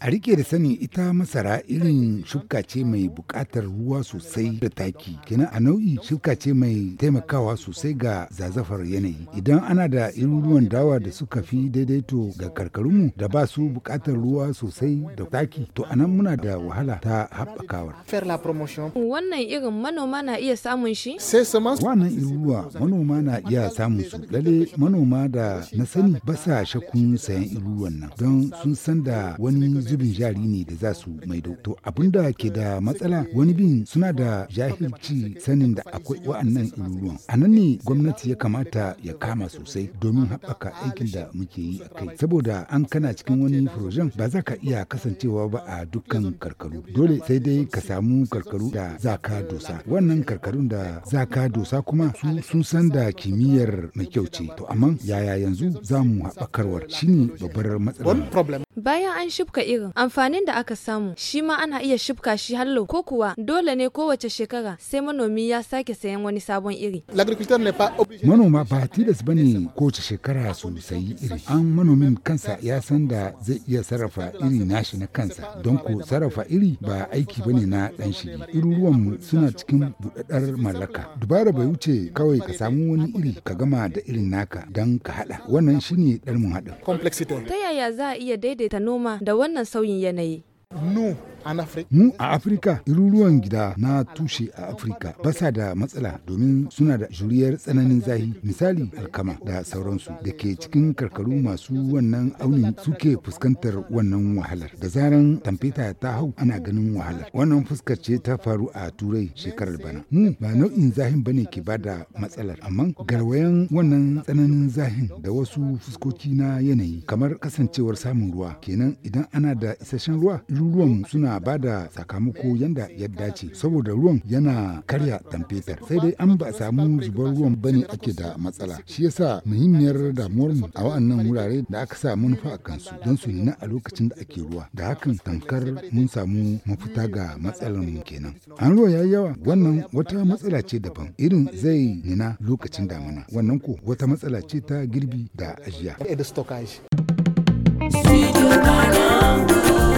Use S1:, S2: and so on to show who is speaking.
S1: A rike da sani ita masara irin shuka ce mai bukatar ruwa sosai da taki. Kenan a nau'i shuka ce mai taimakawa sosai ga zazafar yanayi. Idan ana da iruruwan dawa da suka fi daidaito ga karkarunmu da ba su bukatar ruwa sosai da taki, to anan muna da wahala ta haɓakawar.
S2: Wannan irin manoma na iya samun shi?
S1: Wannan iruruwa manoma na iya samun su. lale manoma da na sani ba sa shakkun sayan ruwan nan don sun san da wani zubin jari ne da za su maido to abinda ke da matsala wani bin suna da jahilci sanin da akwai wa'annan ɗaruruwan a nan ne gwamnati ya kamata ya kama sosai domin haɓaka aikin da muke yi a kai saboda an kana cikin wani furojen ba za ka iya kasancewa ba a dukkan karkaru dole sai dai ka samu karkaru da za ka dosa wannan karkarun da za ka dosa kuma su sun san da kimiyyar mai kyau ce to amma yaya yanzu za mu haɓakarwar shine babbar matsala
S2: Bayan an shifka irin, amfanin da aka samu shi ma ana iya shifka shi hallo ko kuwa dole ne kowace shekara sai manomi ya sake sayan wani sabon iri.
S1: Manoma ba tilas bane kowace shekara su sayi iri. An manomin kansa ya san da zai iya sarrafa iri nashi na kansa. Don ko sarrafa iri ba aiki bane na dan shi. mu suna cikin budadar mallaka. Dubara bai wuce kawai ka samu wani iri ka gama da irin naka don ka haɗa. Wannan shine dan mu haɗin. Ta
S2: yaya za a iya daidaita daidaita noma da wannan sauyin yanayi? Nu,
S1: Mu a Afirka, iruruwan gida na tushe a Afirka ba sa da matsala domin suna da juriyar tsananin zahi, misali alkama da sauransu da ke cikin karkaru masu wannan aunin suke fuskantar wannan wahalar. Da zaran tamfeta ta hau ana ganin wahalar. Wannan fuskar ce ta faru a Turai shekarar bana. Mu ba nau'in zahin bane ke ba da matsalar, amma garwayan wannan tsananin zahin da wasu fuskoki na yanayi kamar kasancewar samun ruwa kenan idan ana da isasshen ruwa, iruruwan suna yana ba da sakamako yanda ya dace saboda ruwan yana karya tamfetar sai dai an ba samu zubar ruwan bane ake da matsala shi yasa muhimmiyar damuwar mu a wa'annan wurare da aka sa manufa a kansu don su nuna a lokacin da ake ruwa da hakan tamkar mun samu mafita ga matsalar mu kenan an ruwa yayi yawa wannan wata matsala ce daban irin zai nina lokacin damuna wannan ko wata matsala ce ta girbi da ajiya.
S2: Studio Banangu.